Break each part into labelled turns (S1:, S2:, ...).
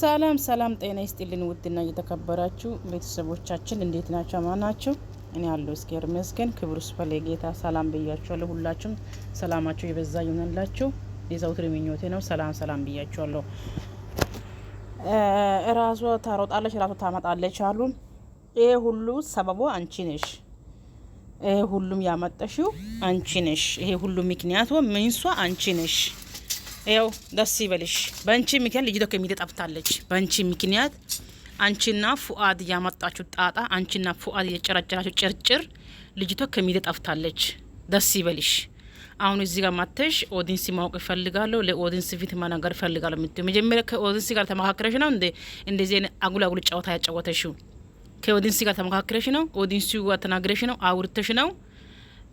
S1: ሰላም ሰላም፣ ጤና ይስጥልን ውድና እየተከበራችሁ ቤተሰቦቻችን እንዴት ናቸው? ማ ናቸው? እኔ ያለው እስኪር መስገን ክብር ስፈለ ጌታ ሰላም ብያችኋለሁ። ሁላችሁም ሰላማችሁ የበዛ ይሆንላችሁ የዘውትር ምኞቴ ነው። ሰላም ሰላም ብያችኋለሁ። እራሷ ታሮጣለች፣ እራሷ ታመጣለች አሉ። ይሄ ሁሉ ሰበቦ አንቺ ነሽ። ይሄ ሁሉም ያመጣሽው አንቺ ነሽ። ይሄ ሁሉ ምክንያቱ ምንሷ አንቺ ነሽ። ያው ደስ ይበልሽ። በአንቺ ምክንያት ልጅቷ ከሚዲያ ጠፍታለች። በአንቺ ምክንያት አንቺና ፉአድ ያመጣችሁ ጣጣ፣ አንቺና ፉአድ የጨረጨራችሁ ጭርጭር ልጅቶ ከሚዲያ ጠፍታለች። ደስ ይበልሽ። አሁን እዚህ ጋር ማተሽ ኦዲንስ ማወቅ ይፈልጋለሁ፣ ለኦዲንስ ፊት መናገር ይፈልጋለሁ የምትይው መጀመሪያ ከኦዲንስ ጋር ተመካክረሽ ነው እንደ እንደዚህ አይነት አጉል አጉል ጨዋታ ያጫወተሽው? ከኦዲንስ ጋር ተመካክረሽ ነው? ኦዲንስ ጋር ተናግረሽ ነው? አውርተሽ ነው?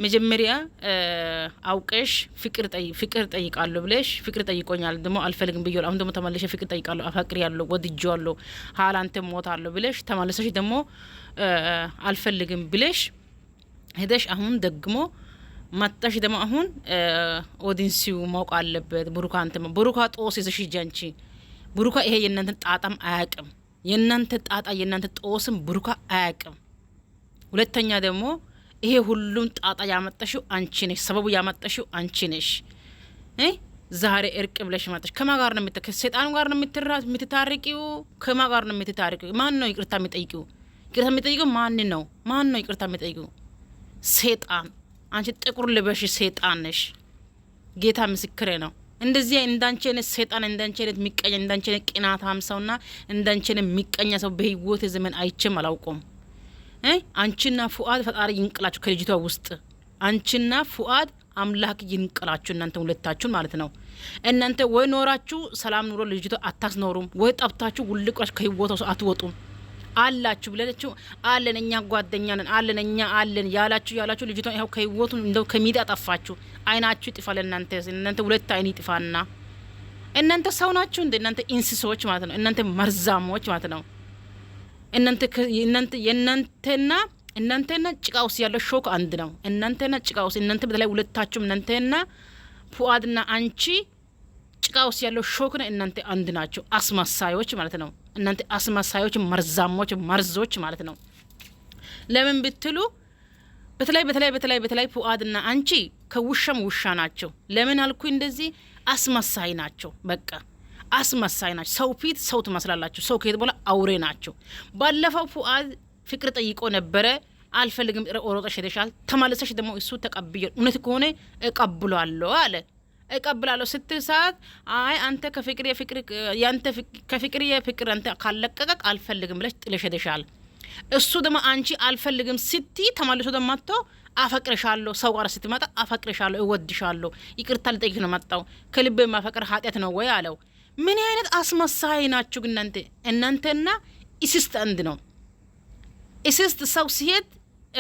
S1: መጀመሪያ አውቀሽ ፍቅር ፍቅር ጠይቃለሁ ብለሽ ፍቅር ጠይቆኛል ደግሞ አልፈልግም ብዬ አሁን ደሞ ተመለሸ ፍቅር ጠይቃለሁ አፋቅር ያለሁ ወድጅ አለሁ ሀላንተ ሞት አለሁ ብለሽ ተመለሰሽ ደግሞ አልፈልግም ብለሽ ሄደሽ አሁን ደግሞ መጣሽ ደግሞ አሁን ኦዲንሲው ማውቅ አለበት። ቡሩካ አንተ ቡሩካ ጦስ ይዘሽ ሂጂ አንቺ። ቡሩካ ይሄ የእናንተ ጣጣም አያቅም። የእናንተ ጣጣ የእናንተ ጦስም ቡሩካ አያቅም። ሁለተኛ ደግሞ ይሄ ሁሉም ጣጣ ያመጠሽው አንቺ ነሽ፣ ሰበቡ ያመጠሽው አንቺ ነሽ። ዛሬ እርቅ ብለሽ መጠሽ ከማ ጋር ነው? ከሴጣኑ ጋር ነው የምትራ የምትታርቂው? ከማ ጋር ነው የምትታርቂው? ማን ነው ይቅርታ የሚጠይቂው? ይቅርታ የሚጠይቂው ማን ነው? ማን ነው ይቅርታ የሚጠይቂው? ሴጣን። አንቺ ጥቁር ልበሽ ሴጣን ነሽ። ጌታ ምስክሬ ነው። እንደዚህ እንዳንቺ አይነት ሴጣን እንዳንቺ አይነት ሚቀኛ እንዳንቺ አይነት ቅናታም ሰውና እንዳንቺ አይነት ሚቀኛ ሰው በህይወት ዘመን አይቼም አላውቆም። አንቺና ፉአድ ፈጣሪ ይንቅላችሁ ከልጅቷ ውስጥ አንቺና ፉአድ አምላክ ይንቅላችሁ እናንተ ሁለታችሁን ማለት ነው። እናንተ ወይ ኖራችሁ ሰላም ኑሮ ልጅቷ አታስኖሩም፣ ወይ ጠብታችሁ ውልቃችሁ ከህይወታው አትወጡም። አላችሁ ብለችው አለን እኛ ጓደኛ ነን አለን እኛ አለን ያላችሁ ያላችሁ ልጅቷ ይኸው ከህይወቱ እንደው ከሚዲያ ጠፋችሁ። አይናችሁ ይጥፋል። እናንተ እናንተ ሁለት አይን ይጥፋና እናንተ ሰው ናችሁ እንደ እናንተ እንስሶች ማለት ነው። እናንተ መርዛሞች ማለት ነው። የእናንተና እናንተና ጭቃ ውስጥ ያለው ሾክ አንድ ነው። እናንተና ጭቃ ውስጥ እናንተ በተለይ ሁለታችሁም እናንተና ፉአድና አንቺ ጭቃ ውስጥ ያለው ነው። እናንተ አንድ ናቸው። አስመሳዮች ማለት ነው። እናንተ አስመሳዮች፣ መርዛሞች፣ መርዞች ማለት ነው። ለምን ብትሉ በተለይ በተለይ በተለይ በተለይ ፉአድና አንቺ ከውሻም ውሻ ናቸው። ለምን አልኩ? እንደዚህ አስመሳይ ናቸው በቃ አስመሳይ ናቸው። ሰው ፊት ሰው ትመስላላችሁ፣ ሰው ከሄድ በኋላ አውሬ ናቸው። ባለፈው ፉአድ ፍቅር ጠይቆ ነበረ። አልፈልግም ሮጠሽ ሄደሻል። ተመልሰሽ ደግሞ እሱ ተቀብየ እውነት ከሆነ እቀብሏለሁ አለ እቀብላለሁ ስትል ሰዓት አይ አንተ ከፍቅር የፍቅር ያንተ ከፍቅር የፍቅር አንተ ካለቀቀቅ አልፈልግም ብለሽ ጥለሽ ሄደሻል። እሱ ደግሞ አንቺ አልፈልግም ስቲ ተመልሶ ደግሞ መጥቶ አፈቅርሻለሁ ሰው ጋር ስትመጣ አፈቅርሻለሁ፣ እወድሻለሁ፣ ይቅርታ ልጠይቅሽ ነው መጣው ከልቤ ማፈቅር ኃጢአት ነው ወይ አለው። ምን አይነት አስመሳይ ናችሁ እናንተ! እናንተና እስስት አንድ ነው። እስስት ሰው ሲሄድ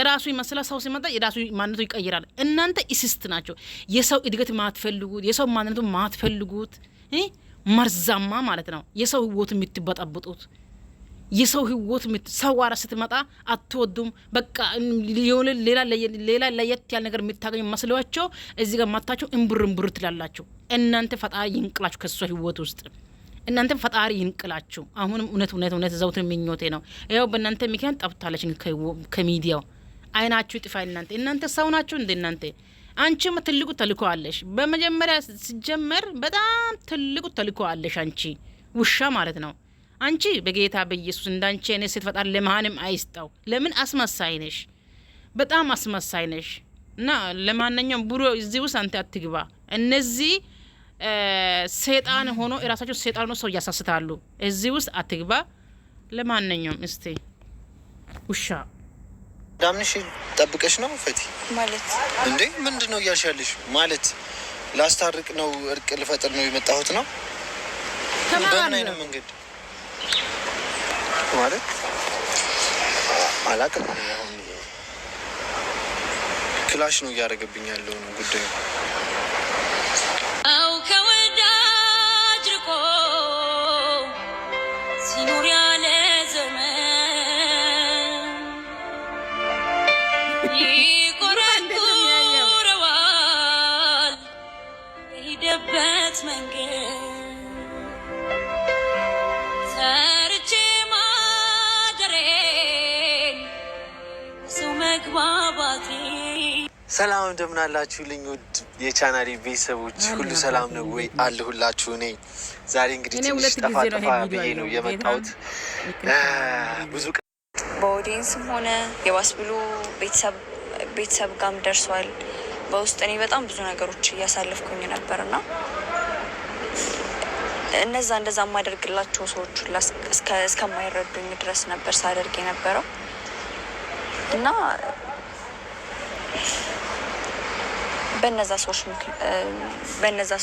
S1: ራሱ ይመስላል፣ ሰው ሲመጣ የራሱ ማንነቱ ይቀይራል። እናንተ እስስት ናቸው። የሰው እድገት ማትፈልጉት፣ የሰው ማንነቱ ማትፈልጉት፣ መርዛማ ማለት ነው። የሰው ህይወት የምትበጠብጡት የሰው ህይወት ሰው ጋር ስትመጣ አትወዱም። በቃ የሆነ ሌላ ለየት ያለ ነገር የምታገኙ መስለዋቸው እዚህ ጋር ማታቸው እምብር እምብር ትላላቸው። እናንተ ፈጣሪ ይንቅላችሁ ከእሷ ህይወት ውስጥ እናንተ ፈጣሪ ይንቅላችሁ። አሁንም እውነት እውነት እውነት ዘውትን ምኞቴ ነው። ያው በእናንተ ምክንያት ጠፍታለች ከሚዲያው። አይናችሁ ጥፋ። እናንተ እናንተ ሰው ናችሁ እንደ እናንተ አንቺም ትልቁ ተልኮ አለሽ። በመጀመሪያ ሲጀመር በጣም ትልቁ ተልኮ አለሽ አንቺ ውሻ ማለት ነው። አንቺ በጌታ በኢየሱስ እንዳንቺ አይነት ሴት ፈጣሪ ለማንም አይስጠው። ለምን አስመሳይ ነሽ፣ በጣም አስመሳይ ነሽ። እና ለማንኛውም ቡሮ እዚህ ውስጥ አንተ አትግባ። እነዚህ ሴጣን ሆኖ የራሳቸው ሴጣን ሆኖ ሰው እያሳስታሉ። እዚህ ውስጥ አትግባ። ለማንኛውም እስቲ ውሻ
S2: ዳምንሽ ጠብቀሽ ነው ፈቲ ማለት እንዴ? ምንድን ነው እያልሻለሽ? ማለት ላስታርቅ ነው እርቅ ልፈጥር ነው የመጣሁት ነው። በምን አይነት መንገድ ማለት አላቅም። አሁን ክላሽ ነው እያደረገብኝ ያለው ነው ጉዳዩ። አው ከወዳጅ ርቆ ሲኖር ያለ ዘመን ይቆረቁረዋል የሄደበት መንገድ ሰላም እንደምን ልኝ ውድ የቻናሌ ቤተሰቦች ሁሉ ሰላም ነው ወይ? አለሁላችሁ። እኔ ዛሬ እንግዲህ ትንሽ ጠፋ ጠፋ ብዬ ነው የመጣሁት።
S3: ብዙ በኦዲየንስም ሆነ የባስ ብሎ ቤተሰብ ጋም ደርሷል። በውስጥ እኔ በጣም ብዙ ነገሮች እያሳለፍኩኝ ነበር ና እነዛ እንደዛ የማደርግላቸው ሰዎች ሁላ እስከማይረዱኝ ድረስ ነበር ሳደርግ የነበረው እና በነዛ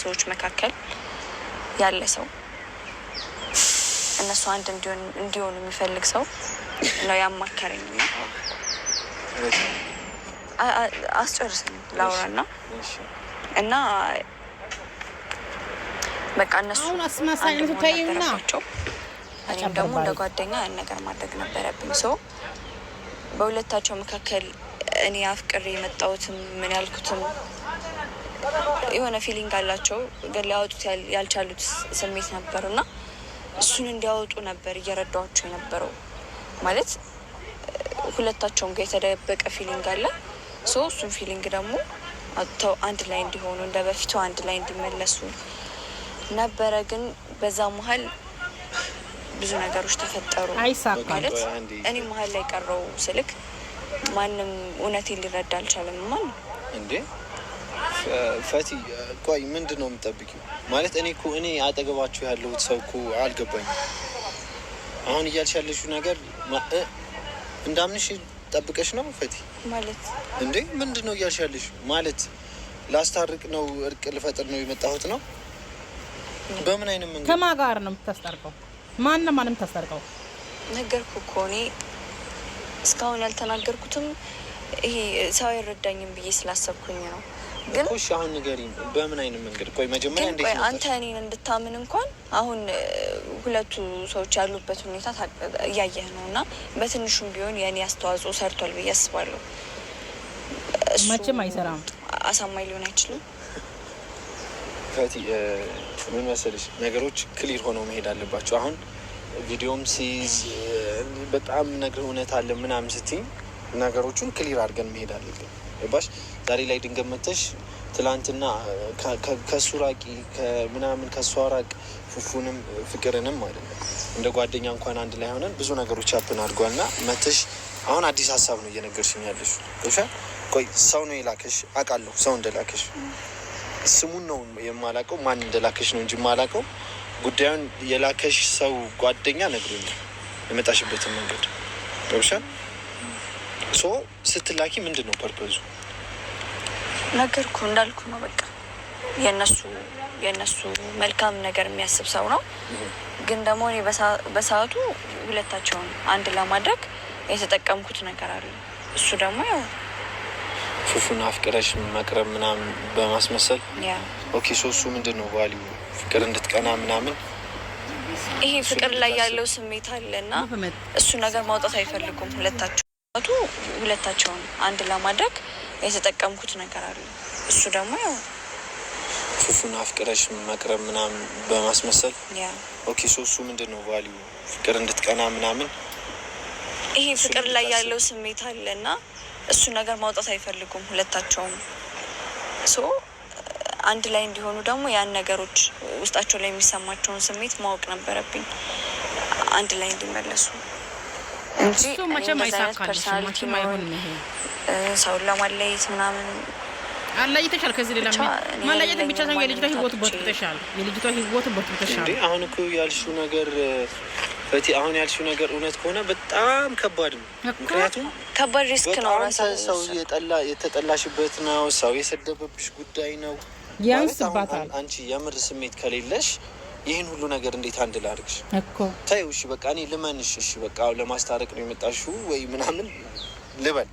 S3: ሰዎች መካከል ያለ ሰው እነሱ አንድ እንዲሆኑ የሚፈልግ ሰው ነው ያማከረኝ። ላውራ ና እና በቃ እነሱ ናቸው። እኔም ደግሞ እንደ ጓደኛ ያን ነገር ማድረግ ነበረብኝ። ሰው በሁለታቸው መካከል እኔ አፍቅሬ የመጣሁትም ምን ያልኩትም የሆነ ፊሊንግ አላቸው ግን ሊያወጡት ያልቻሉት ስሜት ነበር እና እሱን እንዲያወጡ ነበር እየረዳኋቸው የነበረው ማለት ሁለታቸውም ጋር የተደበቀ ፊሊንግ አለ። ሶ እሱን ፊሊንግ ደግሞ አጥተው አንድ ላይ እንዲሆኑ እንደ በፊቱ አንድ ላይ እንዲመለሱ ነበረ። ግን በዛ መሀል ብዙ ነገሮች ተፈጠሩ። ማለት እኔ መሀል ላይ ቀረው ስልክ ማንም እውነቴን ሊረዳ አልቻለም። ማን
S2: እንዴ ፈቲ ቆይ ምንድን ነው የምጠብቂው? ማለት እኔ እኮ እኔ አጠገባችሁ ያለሁት ሰው እኮ አልገባኝም። አሁን እያልሽ ያለሽው ነገር እንዳምንሽ ጠብቀሽ ነው ፈቲ? ማለት እንዴ ምንድን ነው እያልሽ ማለት ላስታርቅ ነው እርቅ ልፈጥር ነው የመጣሁት ነው? በምን አይነት
S1: መንገድ ከማ ጋር ነው የምታስታርቀው? ማን ማንም የምታስታርቀው?
S3: ነገርኩ እኮ እኔ እስካሁን ያልተናገርኩትም ይሄ ሰው አይረዳኝም ብዬ ስላሰብኩኝ ነው።
S2: ግን እሺ፣ አሁን ንገሪኝ፣ በምን አይነት መንገድ? ቆይ መጀመሪያ እንዴት
S3: ነው አንተ እኔን እንድታምን እንኳን አሁን ሁለቱ ሰዎች ያሉበት ሁኔታ እያየህ ነው፣ እና በትንሹም ቢሆን የእኔ አስተዋጽኦ ሰርቷል ብዬ አስባለሁ።
S1: መቼም አይሰራም፣
S3: አሳማኝ ሊሆን አይችልም።
S2: ከቲ ምን መሰለሽ፣ ነገሮች ክሊር ሆነው መሄድ አለባቸው። አሁን ቪዲዮም ሲይዝ በጣም ነገር እውነት አለ ምናምን ስትይ ነገሮቹን ክሊር አድርገን መሄድ አለብን። ዛሬ ላይ ድንገት መተሽ ትላንትና ከሱ ራቂ ምናምን ከሱ አራቅ ፉፉንም ፍቅርንም ማለት ነው እንደ ጓደኛ እንኳን አንድ ላይ ሆነን ብዙ ነገሮች አፕን አድጓልና መተሽ አሁን አዲስ ሀሳብ ነው እየነገርሽኝ ያለሽ ሻ ቆይ ሰው ነው የላከሽ አውቃለሁ። ሰው እንደላከሽ ስሙን ነው የማላቀው ማን እንደላከሽ ነው እንጂ የማላውቀው ጉዳዩን የላከሽ ሰው ጓደኛ ነግሮኛል። የመጣሽበትን መንገድ ሻ ሶ ስትላኪ ምንድን ነው ፐርፐዙ
S3: ነገርኩ እንዳልኩ ነው። በቃ የነሱ የነሱ መልካም ነገር የሚያስብ ሰው ነው። ግን ደግሞ እኔ በሰዓቱ ሁለታቸውን አንድ ለማድረግ የተጠቀምኩት ነገር አለ። እሱ ደግሞ ያው
S2: ፉፉን አፍቅረሽ መቅረብ ምናምን በማስመሰል ኦኬ። ሶሱ ምንድን ነው ቫሊዩ ፍቅር እንድትቀና ምናምን
S3: ይሄ ፍቅር ላይ ያለው ስሜት አለ እና እሱ ነገር ማውጣት አይፈልጉም ሁለታቸው ሁለታቸውን አንድ ለማድረግ የተጠቀምኩት ነገር አለ። እሱ ደግሞ ያው
S2: ፉፉን አፍቅረሽ መቅረብ ምናምን በማስመሰል ኦኬ። ሶ እሱ ምንድን ነው ቫሊዩ ፍቅር እንድትቀና ምናምን
S3: ይሄ ፍቅር ላይ ያለው ስሜት አለ እና እሱ ነገር ማውጣት አይፈልጉም ሁለታቸውም። ሶ አንድ ላይ እንዲሆኑ ደግሞ ያን ነገሮች ውስጣቸው ላይ የሚሰማቸውን ስሜት ማወቅ ነበረብኝ አንድ ላይ እንዲመለሱ
S1: እንጂ ፐርሶናሊቲ
S3: ለማለየት ምናምን
S1: አላየተሻል። ከዚህ ሌላ ማላየት ብቻ ሳይሆን የልጅቷ ህይወት በጥብጠሻል። የልጅቷ ህይወት በጥብጠሻል።
S2: አሁን እኮ ያልሽው ነገር በቲ አሁን ያልሽው ነገር እውነት ከሆነ በጣም ከባድ ነው። ምክንያቱም ከባድ ሪስክ ነው። ሰው የጠላ የተጠላሽበት ነው። ሰው የሰደበብሽ ጉዳይ ነው።
S1: ያንስባታል።
S2: አንቺ የምር ስሜት ከሌለሽ ይህን ሁሉ ነገር እንዴት አንድ ላርግሽ እኮ ተይው። እሺ በቃ እኔ ልመንሽ፣ እሺ በቃ ለማስታረቅ ነው የመጣሽው ወይ ምናምን ልበል፣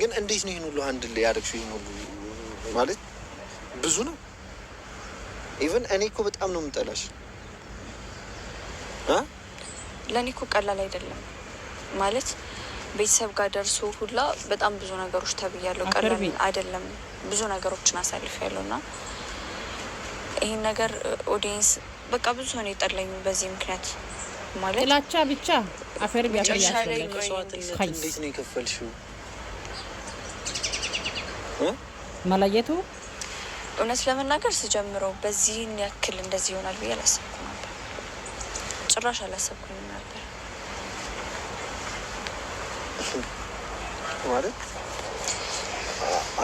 S2: ግን እንዴት ነው ይህን ሁሉ አንድ ያደርግሽ? ይህን ሁሉ ማለት ብዙ ነው። ኢቨን እኔ እኮ በጣም ነው የምጠላሽ።
S3: ለእኔ እኮ ቀላል አይደለም ማለት ቤተሰብ ጋር ደርሶ ሁላ በጣም ብዙ ነገሮች ተብያለሁ። ቀላል አይደለም፣ ብዙ ነገሮችን አሳልፍ ያለውና ይህን ነገር ኦዲየንስ በቃ ብዙ ሰው ነው የጠላኝ በዚህ ምክንያት።
S1: ማለት ጥላቻ ብቻ አፈር መለየቱ
S3: እውነት ለመናገር ስጀምረው በዚህን ያክል እንደዚህ ይሆናል ብዬ አላሰብኩም ነበር፣ ጭራሽ አላሰብኩኝ ነበር
S2: ማለት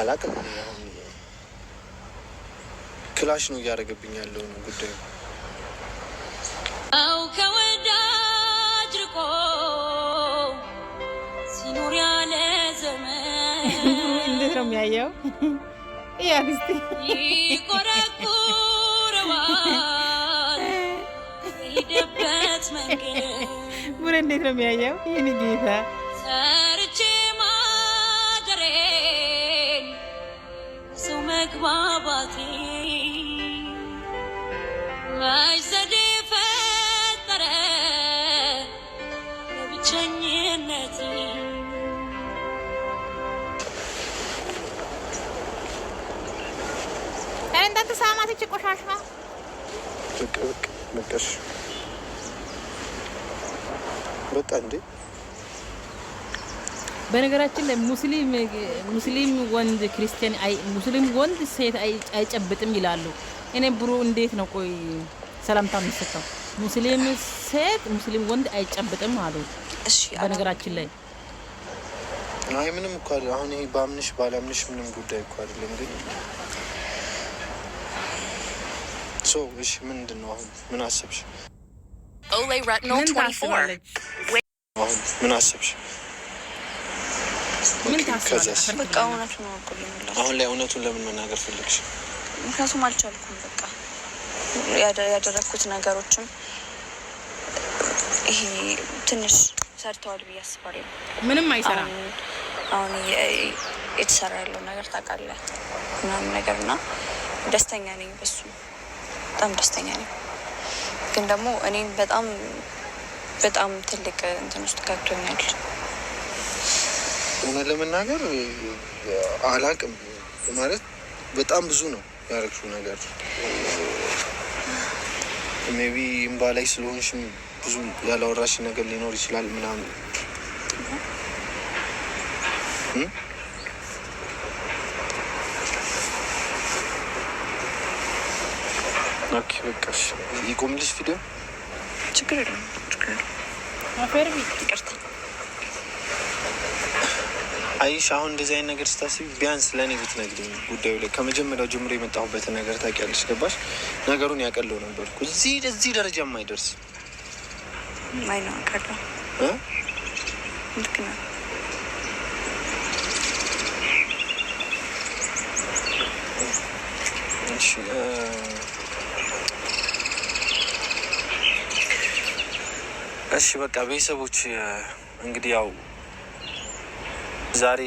S2: አላውቅም። ክላሽ ነው እያደረገብኝ ያለው ነው ጉዳዩ ሰው ከወዳጅ ርቆ ሲኖር ያለ ዘመን እንዴት ነው የሚያየው? ያግስቲ ይቆረቁረዋል ሂደበት መንገድ ቡሬ እንዴት ነው የሚያየው? ይህን ጌታ
S1: ሰርቼ ማደሬን ሰው መግባባቴ አዲስ አበባ ቆሻሻ
S2: ብቅ ብቅ በቃሽ። በቃ እንዴ።
S1: በነገራችን ላይ ሙስሊም ሙስሊም ወንድ ክርስቲያን አይ ሙስሊም ወንድ ሴት አይጨብጥም ይላሉ። እኔ ብሩ እንዴት ነው ቆይ ሰላምታ የምትሰጠው? ሙስሊም ሴት ሙስሊም ወንድ አይጨብጥም አሉ። እሺ በነገራችን ላይ
S2: አይ ምንም እኮ አሁን ይሄ ባምንሽ ባላምንሽ ምንም ጉዳይ እኮ አይደለም ግን እሺ ምንድን ነው አሁን? ምን አሰብሽ?
S1: ኦሌ ረትኖል 24
S2: አሁን ምን አሰብሽ? አሁን ላይ እውነቱን ለምን መናገር ፈለግሽ?
S3: ምክንያቱም አልቻልኩም። በቃ ያደረግኩት ነገሮችም ይሄ ትንሽ ሰርተዋል ብዬ አስባለሁ።
S1: ምንም አይሰራም።
S3: አሁን የተሰራ ያለው ነገር ታውቃለህ ምናምን ነገር እና ደስተኛ ነኝ በሱ በጣም ደስተኛ ነኝ። ግን ደግሞ እኔን በጣም በጣም ትልቅ እንትን ውስጥ ከቶኛል።
S2: እውነት ለመናገር አላቅም ማለት በጣም ብዙ ነው ያደረግሽው ነገር። ሜይ ቢ እምባ ላይ ስለሆንሽም ብዙ ያላወራሽ ነገር ሊኖር ይችላል ምናምን በቃሽ፣ ይቆምልሽ ቪዲዮ ችግር የለም። አይሽ አሁን እንደዚህ አይነት ነገር ስታስቢ ቢያንስ ለእኔ ብትነግሪኝ ጉዳዩ ላይ ከመጀመሪያው ጀምሮ የመጣሁበትን ነገር ታውቂያለሽ። ገባሽ? ነገሩን ያቀለው ነበር እዚህ እዚህ ደረጃ የማይደርስ ልክ እሺ በቃ ቤተሰቦች እንግዲህ ያው ዛሬ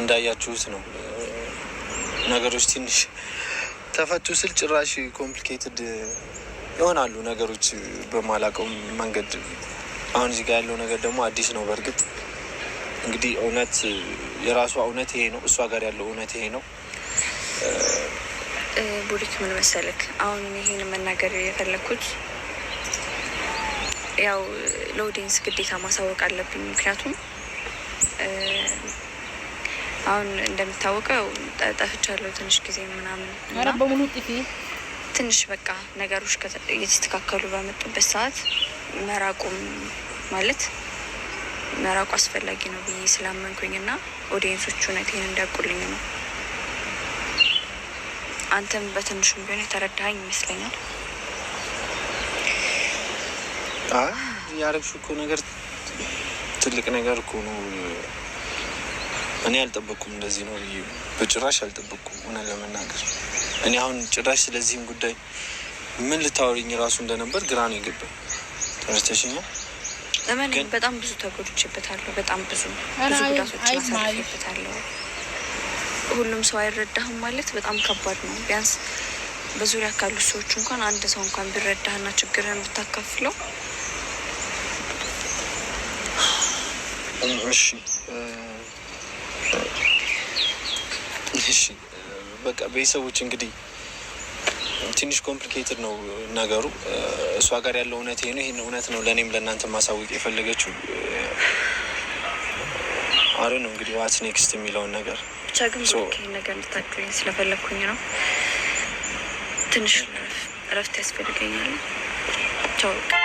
S2: እንዳያችሁት ነው ነገሮች ትንሽ ተፈቱ ስል ጭራሽ ኮምፕሊኬትድ ይሆናሉ ነገሮች በማላውቀው መንገድ። አሁን እዚህ ጋር ያለው ነገር ደግሞ አዲስ ነው። በእርግጥ እንግዲህ እውነት የራሷ እውነት ይሄ ነው፣ እሷ ጋር ያለው እውነት ይሄ ነው።
S3: ቡሪክ ምን መሰልክ፣ አሁን ይሄን መናገር የፈለግኩት ያው ለኦዲየንስ ግዴታ ማሳወቅ አለብኝ። ምክንያቱም አሁን እንደሚታወቀው ጠፍቻለሁ ትንሽ ጊዜ ምናምን በሙሉ ጥፊ ትንሽ በቃ ነገሮች እየተስተካከሉ በመጡበት ሰዓት መራቁም ማለት መራቁ አስፈላጊ ነው ብዬ ስላመንኩኝ እና ኦዲየንሶቹ እውነቴን እንዳያውቁልኝ ነው። አንተም በትንሹም ቢሆን የተረዳኸኝ ይመስለኛል።
S2: ያረግሽው እኮ ነገር ትልቅ ነገር እኮ ነው። እኔ አልጠበቅኩም፣ እንደዚህ ነው ብዬ በጭራሽ አልጠበቅኩም። እውነት ለመናገር እኔ አሁን ጭራሽ ስለዚህም ጉዳይ ምን ልታወሪኝ እራሱ እንደነበር ግራ ነው የገባኝ። ተረስተሽኛል።
S3: በጣም ብዙ ተጎድቼበታለሁ። በጣም ብዙ ብዙ ጉዳቶችን አሳልፌበታለሁ። ሁሉም ሰው አይረዳህም ማለት በጣም ከባድ ነው። ቢያንስ በዙሪያ ካሉ ሰዎች እንኳን አንድ ሰው እንኳን ቢረዳህና ችግርን ብታካፍለው።
S2: እሺ እሺ፣ በቃ ቤተሰቦች እንግዲህ ትንሽ ኮምፕሊኬትድ ነው ነገሩ። እሷ ጋር ያለው እውነት ነው። ይህን እውነት ነው ለእኔም ለእናንተ ማሳወቅ የፈለገችው አሪ ነው እንግዲህ ዋት ኔክስት የሚለውን ነገር
S3: ብቻ ግን ይህን ነገር እንድታግዘኝ ስለፈለግኩኝ ነው። ትንሽ እረፍት ያስፈልገኛል። ቻው።